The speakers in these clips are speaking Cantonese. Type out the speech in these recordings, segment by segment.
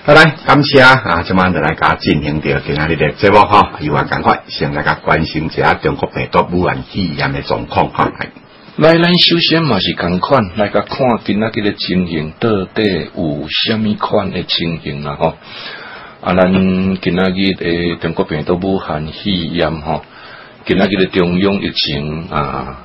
.好、啊，感謝啊！今晚來嚟我進行到，今日呢節目嗬，又係趕快先來家關心一下中國病毒武漢肺炎嘅狀況。來，咱首先嘛是共款，來睇看今日嘅情形，到底有咩款嘅情形啊吼、哦。啊，咱今日嘅中國病毒武漢肺炎，吼、哦，今日嘅中央疫情啊。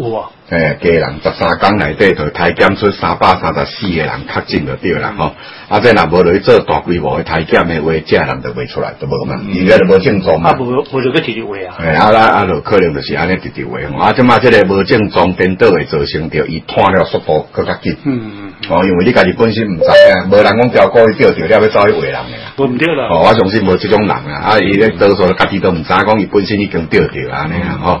啊，誒、欸，家人十三天內底，佢體檢出三百三十四個人確診就對啦，吼、嗯喔。啊，即若無落去做大規模嘅體檢嘅話，正人就未出來，都無乜，應該都無症狀嘛。啊，無，冇落去滴滴話啊！啊啊就可能就是安尼滴滴話，啊即嘛，即個無症狀顛倒會造成着伊判了速度閣較緊。嗯嗯。哦，因為你家己本身毋知啊，無人講調過伊吊吊，你要走去揾人㗎。無毋着啦。哦，我相信無即種人啊，啊，伊咧倒數，家己都毋知，講伊本身已經吊吊安尼樣吼。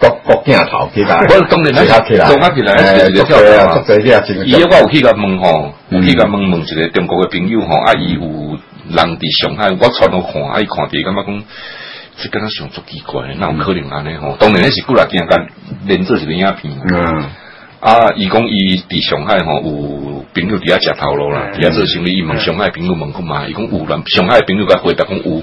國國鏡頭其實，來來然來來來我當年咧做阿條咧，佢叫我，佢話有去甲問行，有去個問問一個中國嘅朋友，吼，啊，伊有人佇上海，我從到看，啊，伊看啲感覺講即咁樣想足奇怪，哪有可能安尼？吼、啊，當然咧是過來見甲連做一個影片。啊，啊，伊講伊佇上海，吼有朋友佇遐食頭路啦，佇遐做生理伊問上海朋友問看覓，伊講有人上海朋友甲回答講有。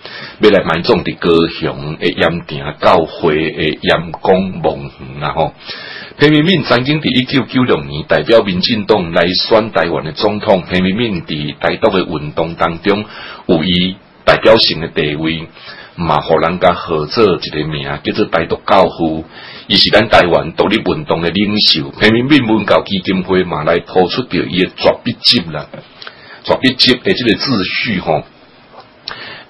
未來萬眾佇高雄，誒，鹽埕教會誒，鹽工功猛，啊吼，彭明敏曾經佇一九九六年代表民進黨來選台灣的總統。彭明敏佇台獨嘅運動當中，有伊代表性嘅地位，嘛，互人家合作一個名，叫做台獨教父。伊是咱台灣獨立運動嘅領袖。彭明敏文教基金會嘛，來拋出着伊誒絕筆集啦，絕筆集誒，的這個秩序，吼。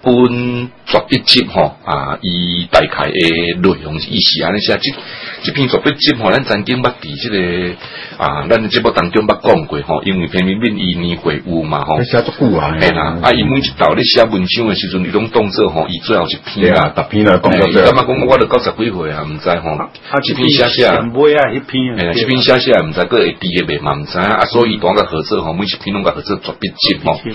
本作業集吼啊，伊大概嘅內容意思是、這個、啊，你寫即即篇作業集吼，咱曾經捌佇即個啊，咱節目當中捌講過吼，因為篇篇伊年歲有嘛吼，寫足久啊，吓、嗯、啦、欸、啊，伊每一斗，你寫文章嘅時陣，伊攏動作吼，伊最後一篇啊，逐篇來講，你幹嗎講我咧搞十幾歲啊，毋知吼，一篇寫寫，唔會啊一篇，一篇寫寫毋知佫會挃誒未嘛，毋知啊，所以講甲合作吼，每一篇攏甲合作作業集吼。嗯哦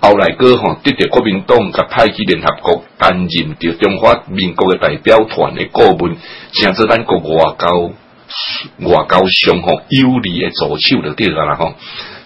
後來，哥吼得到國民黨甲派去聯合國擔任着中華民國的代表團嘅顧問，成咗咱國外交外交上好有利嘅助手就對了啦，嗬。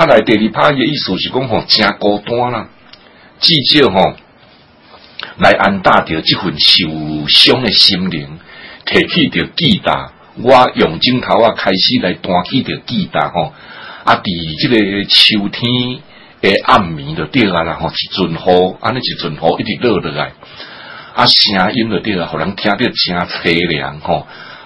啊來第二拍嘅意思是講吼、哦，真孤單啦。至少吼，來安踏着這份受傷嘅心靈，提起着吉他，我用鏡頭啊開始來彈起着吉他吼、哦。啊，佇即個秋天嘅暗暝就對啊啦吼，一陣雨，安、啊、尼一,一陣雨一直落落來，啊，聲音就對啊，互人聽着真淒涼吼。哦。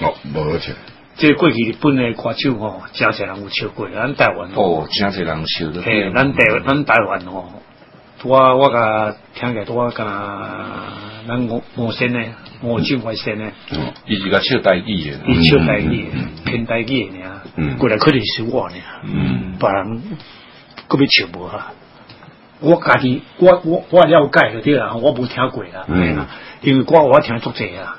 哦，無錯。即過去日本歌手吼，真儕人有唱過，咱台灣。哦，真儕人有唱過。嘿，咱台灣，咱台灣哦。我我噶聽嘅，我噶咱我我先咧，我唱先咧、嗯嗯嗯。哦，伊是甲唱台語嘅。伊唱台語，偏台語㖏。嗯。過來可能是我㖏。嗯。不然，別人唱無哈。我家己，我我我了解就對了，我冇聽過啦。嗯。因為歌我,我聽足濟啊。